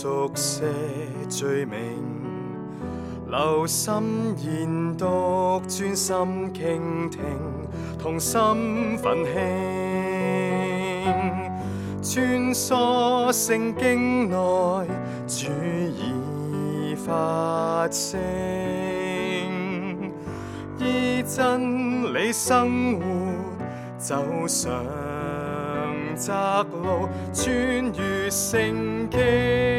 熟悉罪名，留心研讀，專心傾聽，同心奮興，穿梭聖經內，主已發聲，依真理生活，走上窄路，穿越聖經。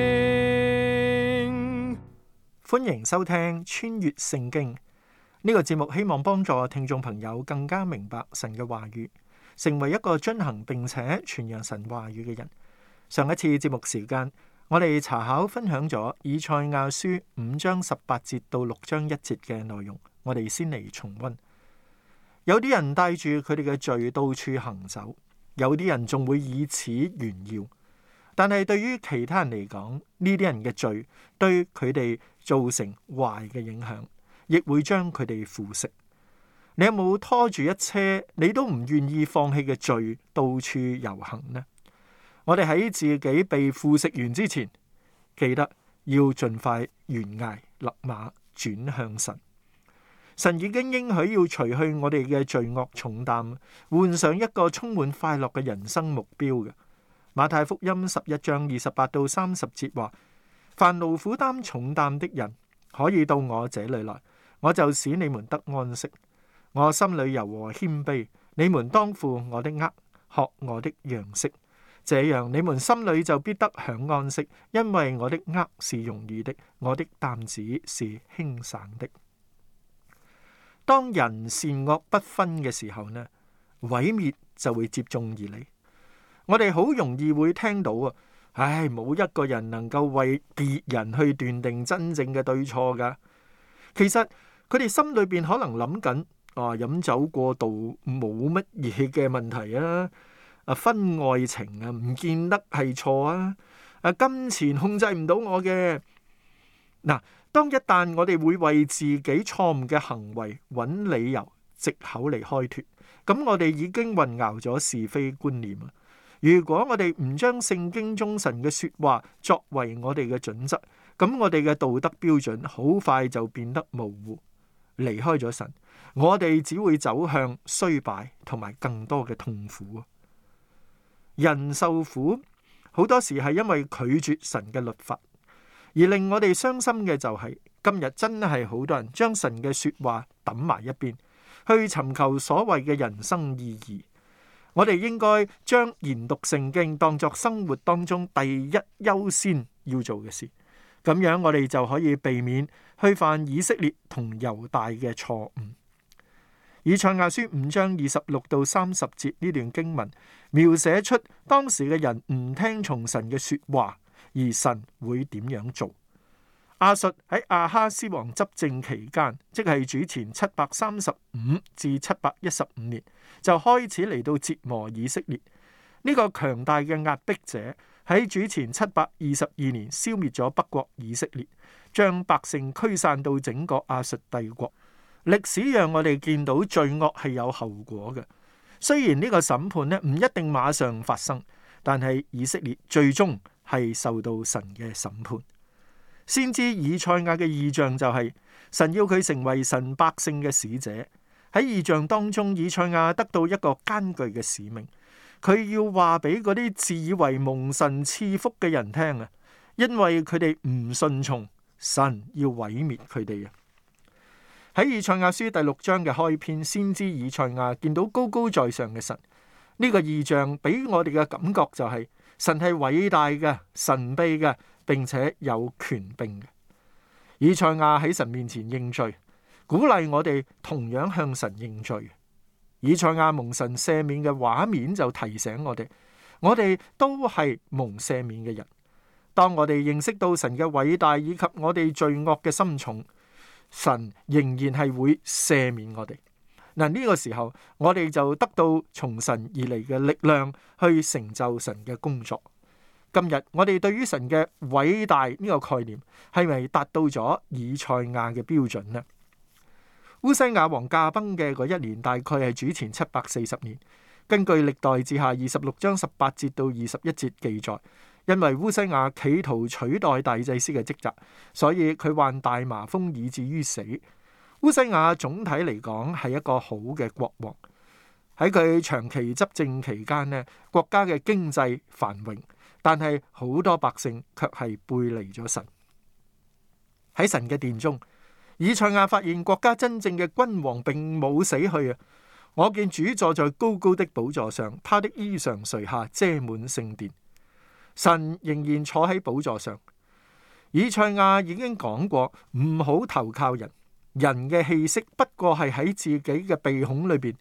歡迎收聽《穿越聖經》呢個節目，希望幫助聽眾朋友更加明白神嘅話語，成為一個遵行並且傳揚神話語嘅人。上一次節目時間，我哋查考分享咗以賽亞書五章十八節到六章一節嘅內容，我哋先嚟重温。有啲人帶住佢哋嘅罪到處行走，有啲人仲會以此炫耀。但係對於其他人嚟講，呢啲人嘅罪對佢哋造成壞嘅影響，亦會將佢哋腐蝕。你有冇拖住一車你都唔願意放棄嘅罪到處遊行呢？我哋喺自己被腐蝕完之前，記得要盡快懸崖勒馬，轉向神。神已經應許要除去我哋嘅罪惡重擔，換上一個充滿快樂嘅人生目標嘅。馬太福音十一章二十八到三十節話：凡勞苦擔重擔的人，可以到我這裏來，我就使你們得安息。我心裏柔和謙卑，你們當負我的軛，學我的樣式。這樣，你們心裏就必得享安息，因為我的軛是容易的，我的擔子是輕省的。當人善惡不分嘅時候呢，毀滅就會接踵而來。我哋好容易會聽到啊，唉，冇一個人能夠為別人去斷定真正嘅對錯噶。其實佢哋心裏邊可能諗緊啊，飲酒過度冇乜嘢嘅問題啊，啊，婚外情啊，唔見得係錯啊，啊，金錢控制唔到我嘅嗱，啊。當一旦我哋會為自己錯誤嘅行為揾理由、藉口嚟開脫，咁我哋已經混淆咗是非觀念如果我哋唔將聖經中神嘅說話作為我哋嘅準則，咁我哋嘅道德標準好快就變得模糊，離開咗神，我哋只會走向衰敗同埋更多嘅痛苦。人受苦好多時係因為拒絕神嘅律法，而令我哋傷心嘅就係、是、今日真係好多人將神嘅說話抌埋一邊，去尋求所謂嘅人生意義。我哋應該將研讀聖經當作生活當中第一優先要做嘅事，咁樣我哋就可以避免去犯以色列同猶大嘅錯誤。以賽亞書五章二十六到三十節呢段經文，描寫出當時嘅人唔聽從神嘅說話，而神會點樣做。亞述喺亞哈斯王執政期間，即係主前七百三十五至七百一十五年，就開始嚟到折磨以色列。呢個強大嘅壓迫者喺主前七百二十二年消滅咗北國以色列，將百姓驅散到整個亞述帝國。歷史讓我哋見到罪惡係有後果嘅。雖然呢個審判呢唔一定馬上發生，但係以色列最終係受到神嘅審判。先知以賽亞嘅異象就係、是、神要佢成為神百姓嘅使者。喺異象當中，以賽亞得到一個艱巨嘅使命，佢要話俾嗰啲自以為蒙神賜福嘅人聽啊，因為佢哋唔順從，神要毀滅佢哋啊。喺以賽亞書第六章嘅開篇，先知以賽亞見到高高在上嘅神，呢、這個異象俾我哋嘅感覺就係、是、神係偉大嘅、神秘嘅。並且有權柄嘅，以賽亞喺神面前認罪，鼓勵我哋同樣向神認罪。以賽亞蒙神赦免嘅畫面就提醒我哋，我哋都係蒙赦免嘅人。當我哋認識到神嘅偉大以及我哋罪惡嘅深重，神仍然係會赦免我哋。嗱、這、呢個時候，我哋就得到從神而嚟嘅力量去成就神嘅工作。今日我哋對於神嘅偉大呢個概念係咪達到咗以賽亞嘅標準呢？烏西亞王駕崩嘅嗰一年大概係主前七百四十年。根據歷代志下二十六章十八節到二十一節記載，因為烏西亞企圖取代大祭司嘅職責，所以佢患大麻風，以至於死。烏西亞總體嚟講係一個好嘅國王，喺佢長期執政期間呢，國家嘅經濟繁榮。但係好多百姓卻係背離咗神。喺神嘅殿中，以賽亞發現國家真正嘅君王並冇死去啊！我見主坐在高高的寶座上，他的衣裳垂下遮滿聖殿。神仍然坐喺寶座上。以賽亞已經講過，唔好投靠人，人嘅氣息不過係喺自己嘅鼻孔裏邊。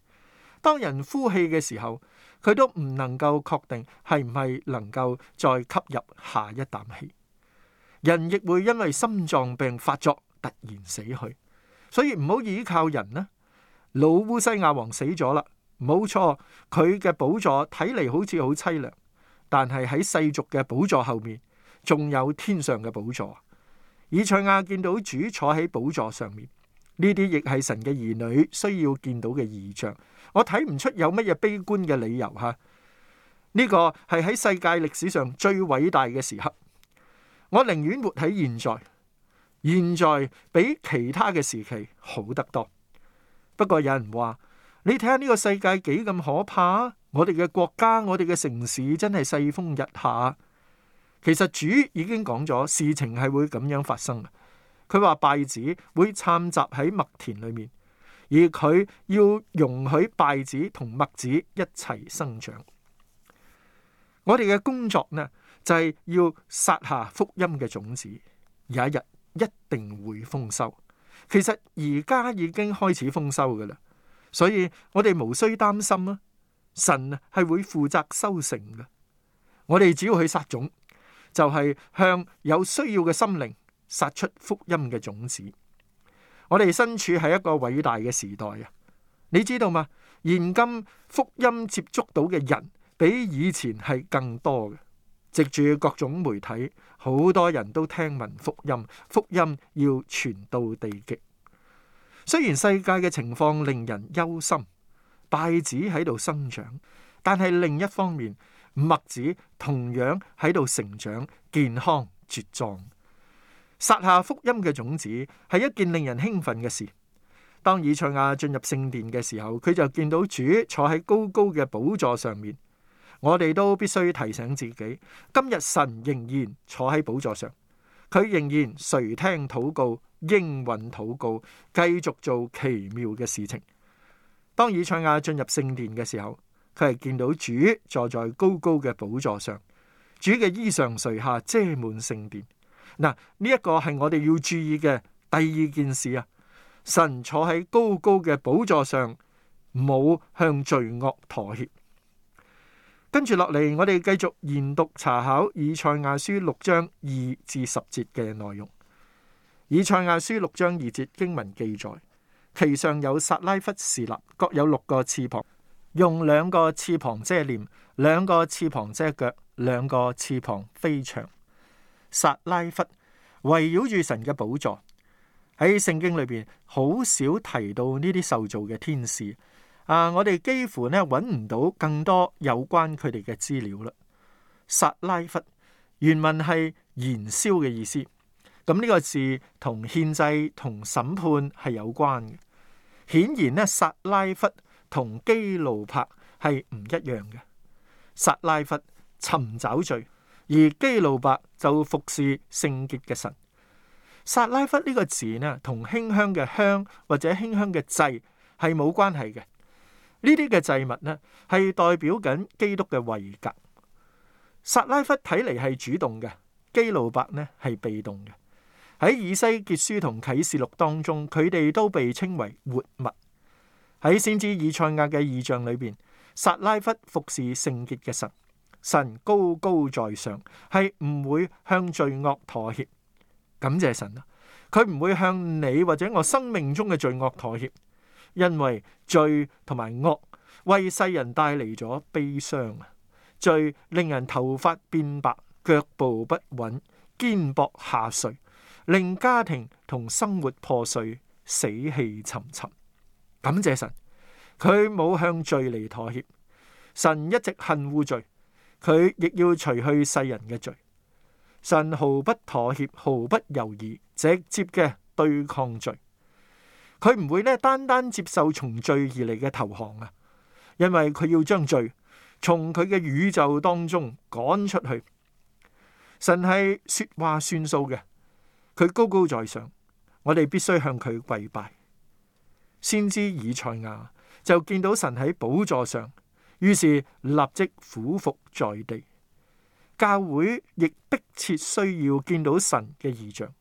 當人呼氣嘅時候，佢都唔能夠確定係唔係能夠再吸入下一啖氣，人亦會因為心臟病發作突然死去，所以唔好依靠人啦。老烏西亞王死咗啦，冇錯，佢嘅寶座睇嚟好似好凄涼，但係喺世俗嘅寶座後面，仲有天上嘅寶座。以賽亞見到主坐喺寶座上面。呢啲亦係神嘅兒女需要見到嘅異象，我睇唔出有乜嘢悲觀嘅理由吓。呢個係喺世界歷史上最偉大嘅時刻，我寧願活喺現在，現在比其他嘅時期好得多。不過有人話，你睇下呢個世界幾咁可怕，我哋嘅國家、我哋嘅城市真係世風日下。其實主已經講咗，事情係會咁樣發生嘅。佢話稗子會摻雜喺麥田裏面，而佢要容許稗子同麥子一齊生長。我哋嘅工作呢，就係要撒下福音嘅種子，有一日一定會豐收。其實而家已經開始豐收噶啦，所以我哋無需擔心啊！神啊係會負責收成噶，我哋只要去撒種，就係向有需要嘅心靈。撒出福音嘅種子，我哋身處係一個偉大嘅時代啊！你知道嘛？現今福音接觸到嘅人比以前係更多嘅，藉住各種媒體，好多人都聽聞福音。福音要傳到地極，雖然世界嘅情況令人憂心，稗子喺度生長，但係另一方面，麥子同樣喺度成長，健康茁壯。絕撒下福音嘅種子係一件令人興奮嘅事。當以賽亞進入聖殿嘅時候，佢就見到主坐喺高高嘅寶座上面。我哋都必須提醒自己，今日神仍然坐喺寶座上，佢仍然垂聽禱告、應允禱告，繼續做奇妙嘅事情。當以賽亞進入聖殿嘅時候，佢係見到主坐在高高嘅寶座上，主嘅衣裳垂下遮滿聖殿。嗱，呢一個係我哋要注意嘅第二件事啊。神坐喺高高嘅寶座上，冇向罪惡妥協。跟住落嚟，我哋繼續研讀查考以賽亞書六章二至十節嘅內容。以賽亞書六章二節經文記載，其上有撒拉弗士立，各有六個翅膀，用兩個翅膀遮臉，兩個翅膀遮腳，兩個,個翅膀飛翔。撒拉弗圍繞住神嘅寶座。喺聖經裏邊好少提到呢啲受造嘅天使，啊，我哋幾乎呢揾唔到更多有關佢哋嘅資料啦。撒拉弗原文係燃燒嘅意思，咁、這、呢個字同獻祭同審判係有關嘅。顯然呢，撒拉弗同基路伯係唔一樣嘅。撒拉弗尋找罪。而基路伯就服侍聖潔嘅神。撒拉弗呢個詞呢，同馨香嘅香或者馨香嘅祭係冇關係嘅。呢啲嘅祭物呢，係代表緊基督嘅位格。撒拉弗睇嚟係主動嘅，基路伯呢係被動嘅。喺以西結書同啟示錄當中，佢哋都被稱為活物。喺先知以賽亞嘅異象裏邊，撒拉弗服侍聖潔嘅神。神高高在上，係唔會向罪惡妥協。感謝神啊，佢唔會向你或者我生命中嘅罪惡妥協，因為罪同埋惡為世人帶嚟咗悲傷啊！罪令人頭髮變白、腳步不穩、肩膊下垂，令家庭同生活破碎、死氣沉沉。感謝神，佢冇向罪嚟妥協。神一直恨惡罪。佢亦要除去世人嘅罪，神毫不妥協、毫不猶豫，直接嘅對抗罪。佢唔會咧單單接受從罪而嚟嘅投降啊，因為佢要將罪從佢嘅宇宙當中趕出去。神係說話算數嘅，佢高高在上，我哋必須向佢跪拜，先知以賽亞就見到神喺寶座上。於是立即俯伏在地，教會亦迫切需要見到神嘅異象。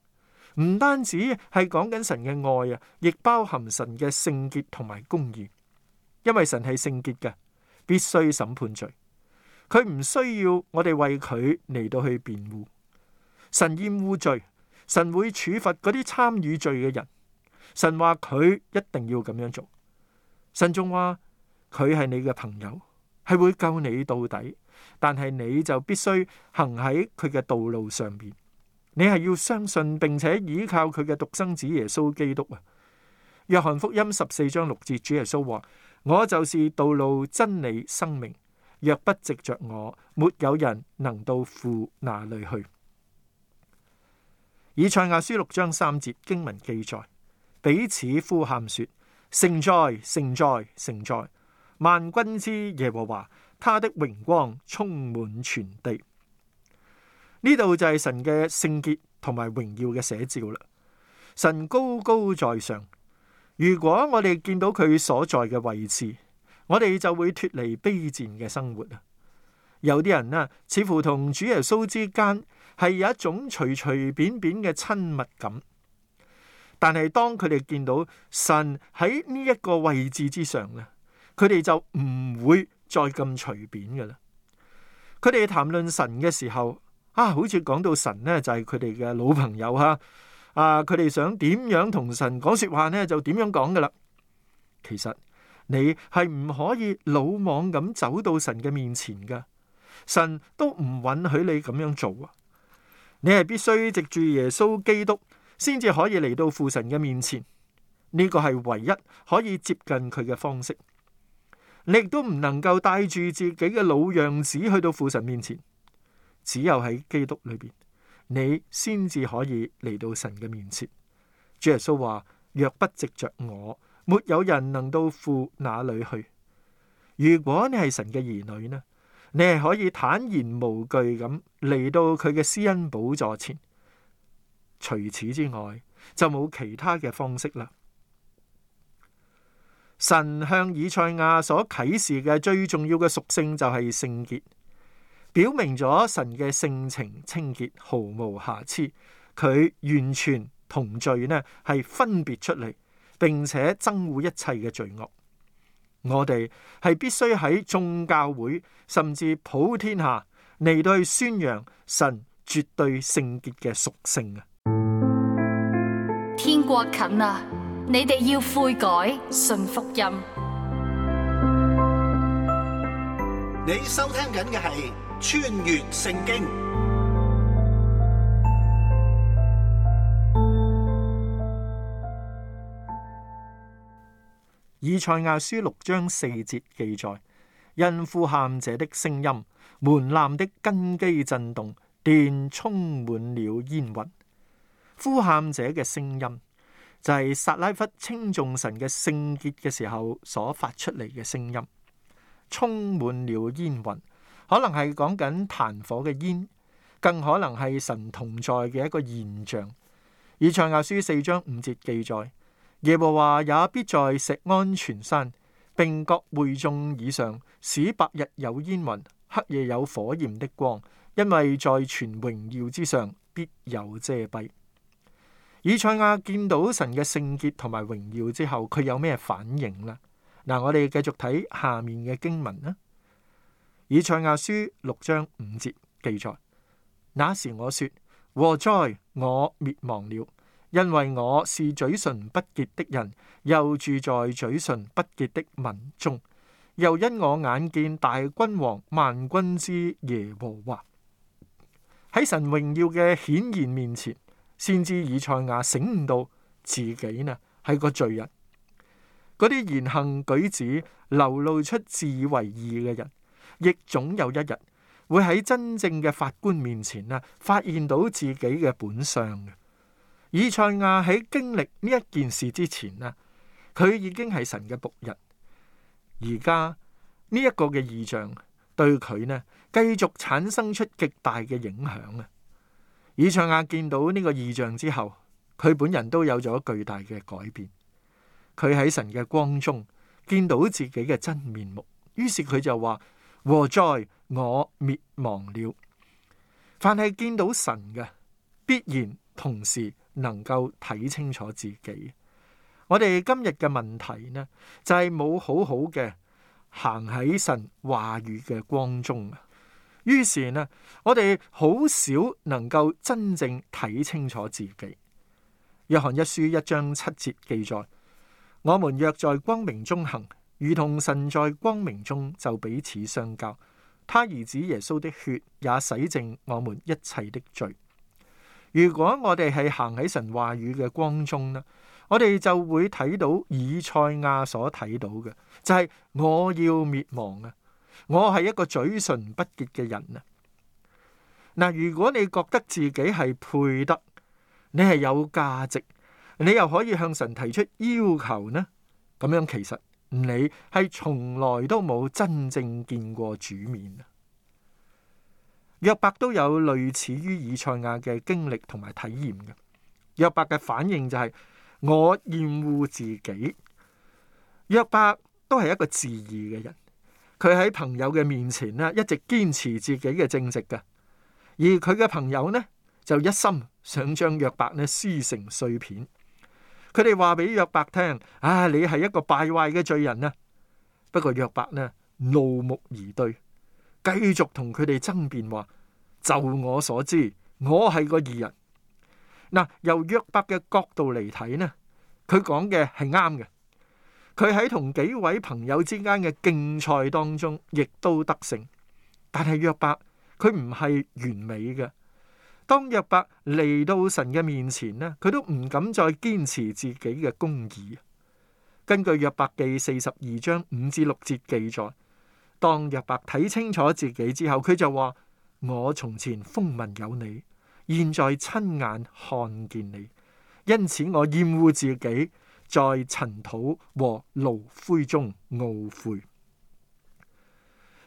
唔單止係講緊神嘅愛啊，亦包含神嘅聖潔同埋公義。因為神係聖潔嘅，必須審判罪。佢唔需要我哋為佢嚟到去辯護。神厭惡罪，神會處罰嗰啲參與罪嘅人。神話佢一定要咁樣做。神仲話佢係你嘅朋友。係會救你到底，但係你就必須行喺佢嘅道路上面。你係要相信並且依靠佢嘅獨生子耶穌基督啊！約翰福音十四章六節，主耶穌話：我就是道路、真理、生命，若不藉著我，沒有人能到父那裏去。以賽亞書六章三節經文記載：彼此呼喊說：聖哉，聖哉，聖哉！萬軍之耶和華，他的榮光充滿全地。呢度就係神嘅聖潔同埋榮耀嘅寫照啦。神高高在上，如果我哋見到佢所在嘅位置，我哋就會脫離卑賤嘅生活啊！有啲人呢，似乎同主耶穌之間係有一種隨隨便便嘅親密感，但係當佢哋見到神喺呢一個位置之上呢，佢哋就唔會再咁隨便噶啦。佢哋談論神嘅時候啊,好似講到神呢就係佢哋嘅老朋友吓啊。佢哋想點樣同神講說話呢，就點樣講噶啦。其實你係唔可以魯莽咁走到神嘅面前噶，神都唔允許你咁樣做啊。你係必須藉住耶穌基督先至可以嚟到父神嘅面前，呢個係唯一可以接近佢嘅方式。你亦都唔能夠帶住自己嘅老樣子去到父神面前，只有喺基督裏邊，你先至可以嚟到神嘅面前。主耶穌話：若不藉着我，沒有人能到父那裏去。如果你係神嘅兒女呢，你係可以坦然無懼咁嚟到佢嘅施恩寶座前。除此之外，就冇其他嘅方式啦。神向以賽亞所啟示嘅最重要嘅屬性就係聖潔，表明咗神嘅性情清潔，毫無瑕疵。佢完全同罪呢，係分別出嚟，並且憎惡一切嘅罪惡。我哋係必須喺宗教會甚至普天下嚟到去宣揚神絕對聖潔嘅屬性啊！天國近啊！你哋要悔改，信福音。你收聽緊嘅係《穿越聖經》。以賽亞書六章四節記載：因呼喊者的聲音，門檻的根基震動，殿充滿了煙雲。呼喊者嘅聲音。就係撒拉弗稱頌神嘅聖潔嘅時候，所發出嚟嘅聲音，充滿了煙雲，可能係講緊燔火嘅煙，更可能係神同在嘅一個現象。以賽亞書四章五節記載：耶和華也必在錫安全山，並各會眾以上，使白日有煙雲，黑夜有火焰的光，因為在全榮耀之上必有遮蔽。以賽亞見到神嘅聖潔同埋榮耀之後，佢有咩反應呢？嗱，我哋繼續睇下面嘅經文啦。以賽亞書六章五節記載：那時我說：禍哉，我滅亡了，因為我是嘴唇不潔的人，又住在嘴唇不潔的民中，又因我眼見大君王萬軍之耶和華喺神榮耀嘅顯現面前。先知以賽亞醒悟到自己呢係個罪人，嗰啲言行舉止流露出自以為義嘅人，亦總有一日會喺真正嘅法官面前呢發現到自己嘅本相。以賽亞喺經歷呢一件事之前呢，佢已經係神嘅僕人，而家呢一個嘅異象對佢呢繼續產生出極大嘅影響啊！以賽亞見到呢個異象之後，佢本人都有咗巨大嘅改變。佢喺神嘅光中見到自己嘅真面目，於是佢就話：禍哉，我滅亡了。凡係見到神嘅，必然同時能夠睇清楚自己。我哋今日嘅問題呢，就係、是、冇好好嘅行喺神話語嘅光中。於是呢，我哋好少能夠真正睇清楚自己。約翰一書一章七節記載：我們若在光明中行，如同神在光明中，就彼此相交。他兒子耶穌的血也洗淨我們一切的罪。如果我哋係行喺神話語嘅光中呢，我哋就會睇到以賽亞所睇到嘅，就係、是、我要滅亡啊！我係一個嘴唇不潔嘅人啊！嗱，如果你覺得自己係配得，你係有價值，你又可以向神提出要求呢？咁樣其實你係從來都冇真正見過主面啊！約伯都有類似於以賽亞嘅經歷同埋體驗嘅。約伯嘅反應就係、是、我厭惡自己。約伯都係一個自義嘅人。佢喺朋友嘅面前咧，一直堅持自己嘅正直嘅，而佢嘅朋友呢，就一心想將約伯呢撕成碎片。佢哋話俾約伯聽：，唉、啊，你係一個敗壞嘅罪人啊！不過約伯呢，怒目而對，繼續同佢哋爭辯話：，就我所知，我係個義人。嗱、呃，由約伯嘅角度嚟睇呢，佢講嘅係啱嘅。佢喺同幾位朋友之間嘅競賽當中，亦都得勝。但係約伯佢唔係完美嘅。當約伯嚟到神嘅面前呢，佢都唔敢再堅持自己嘅公義。根據約伯記四十二章五至六節記載，當約伯睇清楚自己之後，佢就話：我從前風聞有你，現在親眼看見你，因此我厭惡自己。在塵土和爐灰中懊悔。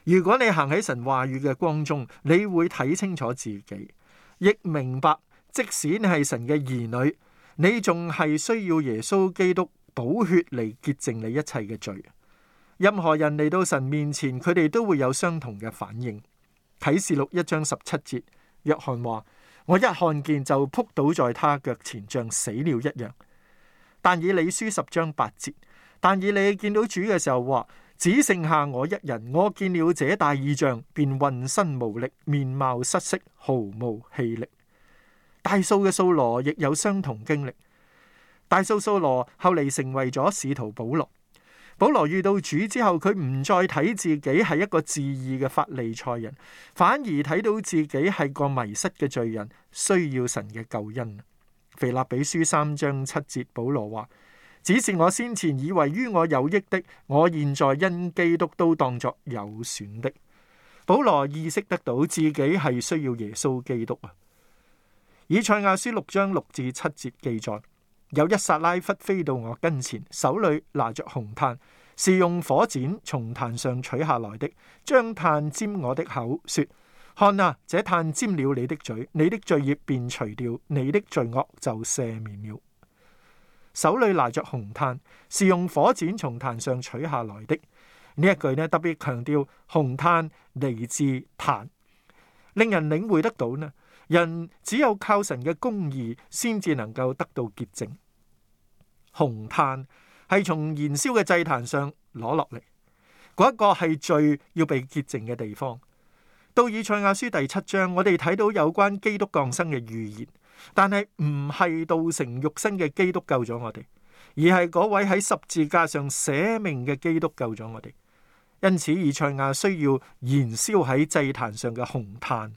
如果你行喺神話語嘅光中，你會睇清楚自己，亦明白即使你係神嘅兒女，你仲係需要耶穌基督補血嚟潔淨你一切嘅罪。任何人嚟到神面前，佢哋都會有相同嘅反應。啟示錄一章十七節，約翰話：我一看見就撲倒在他腳前，像死了一樣。但以理書十章八節，但以理見到主嘅時候話，只剩下我一人。我見了這大異象，便渾身無力，面貌失色，毫無氣力。大數嘅掃羅亦有相同經歷。大數掃羅後嚟成為咗使徒保羅。保羅遇到主之後，佢唔再睇自己係一個自義嘅法利賽人，反而睇到自己係個迷失嘅罪人，需要神嘅救恩。腓立比書三章七節保羅話：，只是我先前以為於我有益的，我現在因基督都當作有損的。保羅意識得到自己係需要耶穌基督啊。以賽亞書六章六至七節記載：，有一撒拉弗飛到我跟前，手裏拿着紅炭，是用火剪從炭上取下來的，將炭沾我的口，說。看啊，這炭沾了你的嘴，你的罪孽便除掉，你的罪惡就赦免了。手裏拿着紅炭，是用火剪從壇上取下來的。呢一句呢，特別強調紅炭嚟自壇，令人領會得到呢人只有靠神嘅公義，先至能夠得到潔淨。紅炭係從燃燒嘅祭壇上攞落嚟，嗰一個係最要被潔淨嘅地方。到以賽亞書第七章，我哋睇到有關基督降生嘅預言，但係唔係道成肉身嘅基督救咗我哋，而係嗰位喺十字架上捨命嘅基督救咗我哋。因此，以賽亞需要燃燒喺祭壇上嘅紅炭，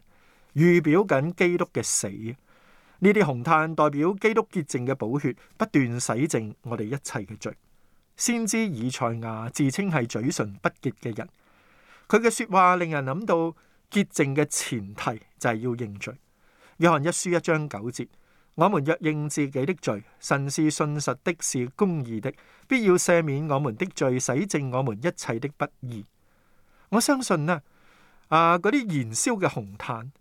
預表緊基督嘅死。呢啲紅炭代表基督潔淨嘅寶血，不斷洗淨我哋一切嘅罪。先知以賽亞自稱係嘴唇不潔嘅人，佢嘅說話令人諗到。潔淨嘅前提就係要認罪。約翰一書一章九節，我們若認自己的罪，神是信實的，是公義的，必要赦免我們的罪，洗淨我們一切的不義。我相信呢，啊嗰啲燃燒嘅紅炭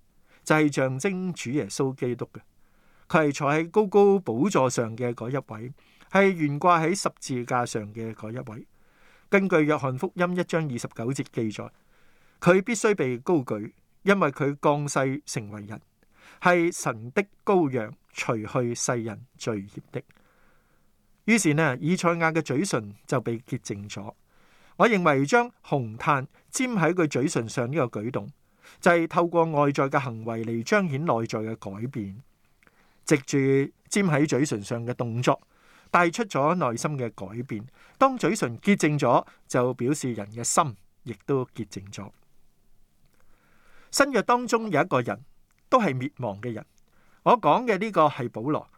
就係象徵主耶穌基督嘅，佢係坐喺高高寶座上嘅嗰一位，係懸掛喺十字架上嘅嗰一位。根據約翰福音一章二十九節記載。佢必須被高舉，因為佢降世成為人，係神的羔羊，除去世人罪孽的。於是呢，以賽亞嘅嘴唇就被潔淨咗。我認為將紅炭沾喺佢嘴唇上呢個舉動，就係、是、透過外在嘅行為嚟彰顯內在嘅改變。藉住沾喺嘴唇上嘅動作，帶出咗內心嘅改變。當嘴唇潔淨咗，就表示人嘅心亦都潔淨咗。新約當中有一個人都係滅亡嘅人。我講嘅呢個係保羅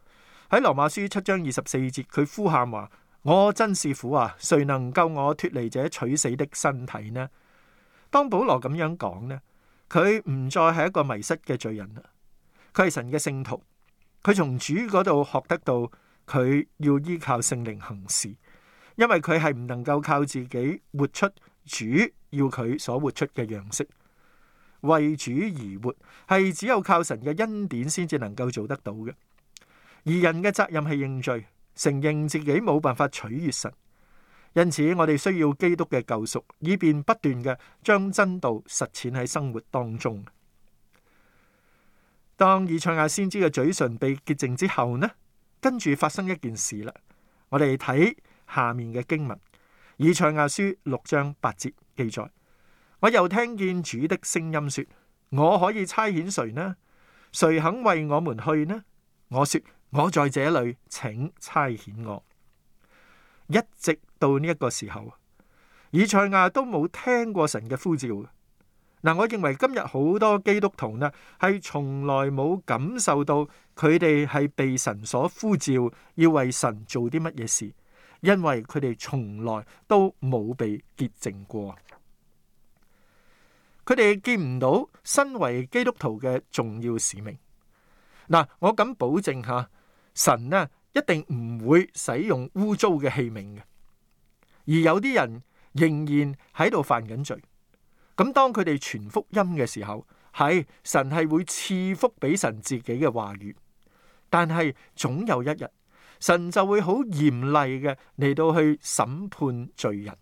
喺羅馬書七章二十四節，佢呼喊話：我真是苦啊！誰能救我脱離這取死的身體呢？當保羅咁樣講呢，佢唔再係一個迷失嘅罪人啦。佢係神嘅聖徒，佢從主嗰度學得到佢要依靠聖靈行事，因為佢係唔能夠靠自己活出主要佢所活出嘅樣式。為主而活，係只有靠神嘅恩典先至能夠做得到嘅。而人嘅責任係認罪，承認自己冇辦法取悅神。因此，我哋需要基督嘅救贖，以便不斷嘅將真道實踐喺生活當中。當以賽亞先知嘅嘴唇被潔淨之後呢，跟住發生一件事啦。我哋睇下面嘅經文，《以賽亞書》六章八節記載。我又聽見主的聲音說：我可以差遣誰呢？誰肯為我們去呢？我說：我在這裏，請差遣我。一直到呢一個時候，以賽亞都冇聽過神嘅呼召。嗱，我認為今日好多基督徒呢係從來冇感受到佢哋係被神所呼召，要為神做啲乜嘢事，因為佢哋從來都冇被潔淨過。佢哋見唔到身為基督徒嘅重要使命。嗱，我敢保證吓，神呢一定唔會使用污糟嘅器皿嘅。而有啲人仍然喺度犯緊罪。咁當佢哋傳福音嘅時候，係神係會賜福俾神自己嘅話語。但係總有一日，神就會好嚴厲嘅嚟到去審判罪人。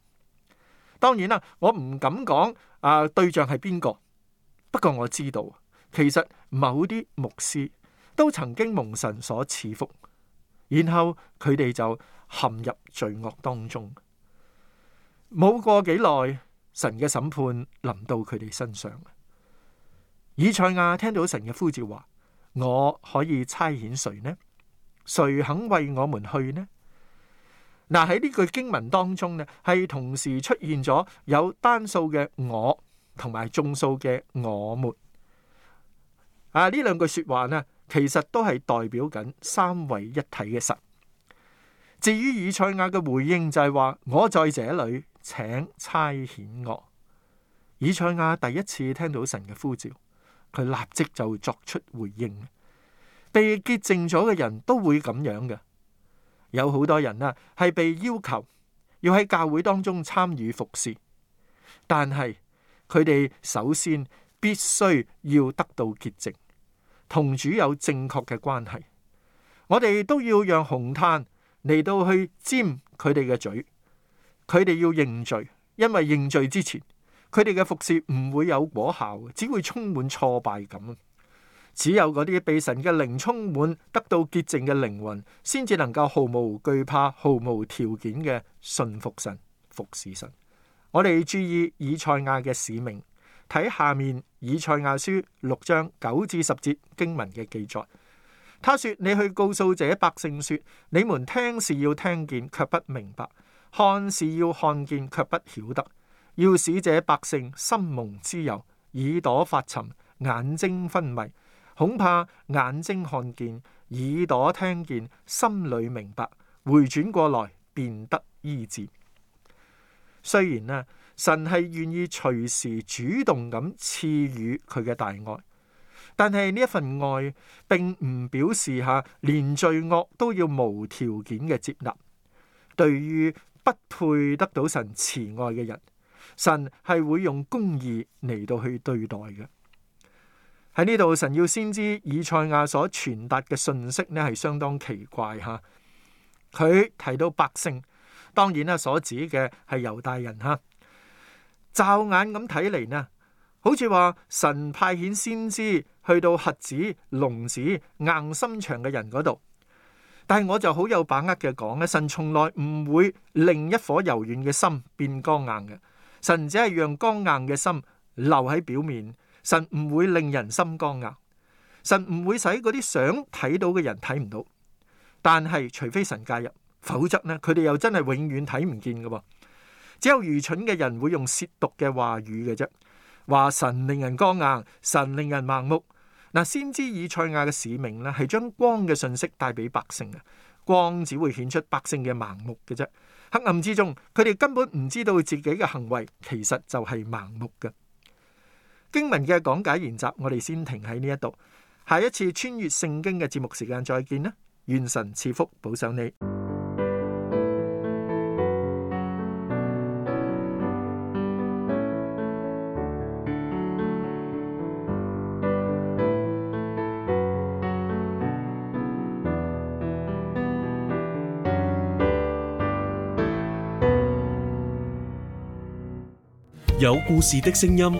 當然啦，我唔敢講啊、呃、對象係邊個。不過我知道，其實某啲牧師都曾經蒙神所賜福，然後佢哋就陷入罪惡當中。冇過幾耐，神嘅審判臨到佢哋身上。以賽亞聽到神嘅呼召話：「我可以差遣誰呢？誰肯為我們去呢？嗱喺呢句經文當中呢係同時出現咗有單數嘅我，同埋眾數嘅我們。啊，呢兩句說話呢，其實都係代表緊三位一體嘅神。至於以賽亞嘅回應就係話：我在這裏，請差遣我。以賽亞第一次聽到神嘅呼召，佢立即就作出回應。被潔淨咗嘅人都會咁樣嘅。有好多人啦，係被要求要喺教會當中參與服侍。但係佢哋首先必須要得到潔淨，同主有正確嘅關係。我哋都要讓紅炭嚟到去沾佢哋嘅嘴，佢哋要認罪，因為認罪之前，佢哋嘅服侍唔會有果效，只會充滿挫敗感。只有嗰啲被神嘅靈充滿、得到潔淨嘅靈魂，先至能夠毫無懼怕、毫無條件嘅順服神、服侍神。我哋注意以賽亞嘅使命，睇下面以賽亞書六章九至十節經文嘅記載。他說：你去告訴這百姓說，你們聽是要聽見，卻不明白；看是要看見，卻不曉得。要使這百姓心蒙脂油，耳朵發沉，眼睛昏迷。恐怕眼睛看見，耳朵聽見，心裏明白，回轉過來便得醫治。雖然呢，神係願意隨時主動咁賜予佢嘅大愛，但係呢一份愛並唔表示下連罪惡都要無條件嘅接納。對於不配得到神慈愛嘅人，神係會用公義嚟到去對待嘅。喺呢度，神要先知以賽亞所傳達嘅信息呢係相當奇怪吓。佢提到百姓，當然啦，所指嘅係猶大人吓。驟眼咁睇嚟呢，好似話神派遣先知去到瞎子、聾子、硬心腸嘅人嗰度。但係我就好有把握嘅講咧，神從來唔會令一顆柔軟嘅心變剛硬嘅，神只係讓剛硬嘅心留喺表面。神唔會令人心剛硬，神唔會使嗰啲想睇到嘅人睇唔到。但係除非神介入，否則呢，佢哋又真係永遠睇唔見㗎喎。只有愚蠢嘅人會用褻瀆嘅話語嘅啫，話神令人剛硬，神令人盲目。嗱，先知以賽亞嘅使命呢，係將光嘅信息帶俾百姓嘅，光只會顯出百姓嘅盲目嘅啫。黑暗之中，佢哋根本唔知道自己嘅行為其實就係盲目嘅。經文嘅講解研習，我哋先停喺呢一度。下一次穿越聖經嘅節目時間再見啦！願神賜福保守你。有故事的聲音。